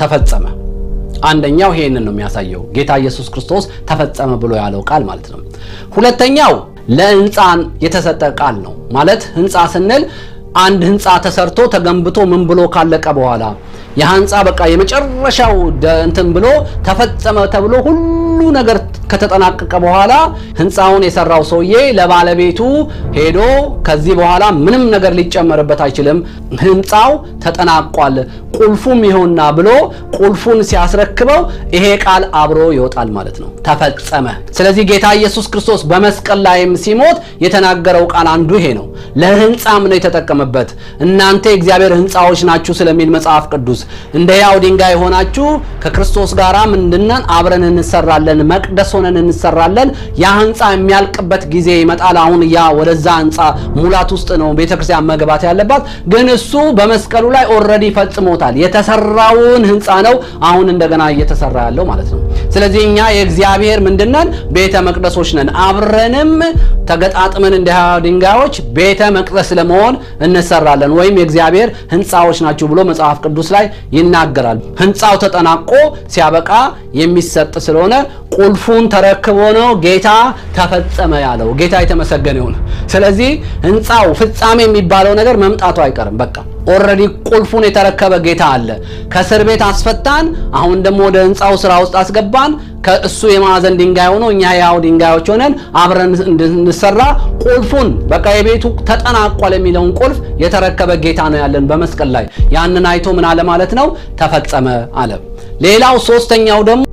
ተፈጸመ። አንደኛው ይሄንን ነው የሚያሳየው፣ ጌታ ኢየሱስ ክርስቶስ ተፈጸመ ብሎ ያለው ቃል ማለት ነው። ሁለተኛው ለህንፃን የተሰጠ ቃል ነው ማለት ህንፃ ስንል አንድ ህንፃ ተሰርቶ ተገንብቶ ምን ብሎ ካለቀ በኋላ የህንፃ በቃ የመጨረሻው እንትን ብሎ ተፈጸመ ተብሎ ሁሉ ነገር ከተጠናቀቀ በኋላ ህንፃውን የሰራው ሰውዬ ለባለቤቱ ሄዶ ከዚህ በኋላ ምንም ነገር ሊጨመርበት አይችልም፣ ህንፃው ተጠናቋል፣ ቁልፉም ይኸውና ብሎ ቁልፉን ሲያስረክበው ይሄ ቃል አብሮ ይወጣል ማለት ነው፣ ተፈጸመ። ስለዚህ ጌታ ኢየሱስ ክርስቶስ በመስቀል ላይም ሲሞት የተናገረው ቃል አንዱ ይሄ ነው። ለህንፃም ነው የተጠቀመበት። እናንተ የእግዚአብሔር ህንፃዎች ናችሁ ስለሚል መጽሐፍ ቅዱስ እንደ ያው ድንጋይ ሆናችሁ ከክርስቶስ ጋራ ምንድነን አብረን እንሰራለን፣ መቅደስ ሆነን እንሰራለን። ያ ህንፃ የሚያልቅበት ጊዜ ይመጣል። አሁን ያ ወደዛ ህንፃ ሙላት ውስጥ ነው ቤተክርስቲያን መግባት ያለባት። ግን እሱ በመስቀሉ ላይ ኦልሬዲ ፈጽሞታል። የተሰራውን ህንፃ ነው አሁን እንደገና እየተሰራ ያለው ማለት ነው። ስለዚህ እኛ የእግዚአብሔር ምንድነን ቤተ መቅደሶች ነን። አብረንም ተገጣጥመን እንደ ያው ድንጋዮች ቤተ መቅደስ ለመሆን እንሰራለን ወይም የእግዚአብሔር ህንፃዎች ናቸው ብሎ መጽሐፍ ቅዱስ ላይ ይናገራል። ህንፃው ተጠናቆ ሲያበቃ የሚሰጥ ስለሆነ ቁልፉን ተረክቦ ነው ጌታ ተፈጸመ ያለው። ጌታ የተመሰገነ ይሁን። ስለዚህ ሕንፃው ፍጻሜ የሚባለው ነገር መምጣቱ አይቀርም በቃ ኦረዲ ቁልፉን የተረከበ ጌታ አለ። ከእስር ቤት አስፈታን። አሁን ደግሞ ወደ ህንፃው ስራ ውስጥ አስገባን። ከእሱ የማዕዘን ድንጋይ ሆኖ እኛ ያው ድንጋዮች ሆነን አብረን እንድንሰራ ቁልፉን በቃ የቤቱ ተጠናቋል የሚለውን ቁልፍ የተረከበ ጌታ ነው ያለን በመስቀል ላይ። ያንን አይቶ ምን አለ ማለት ነው? ተፈጸመ አለ። ሌላው ሶስተኛው ደግሞ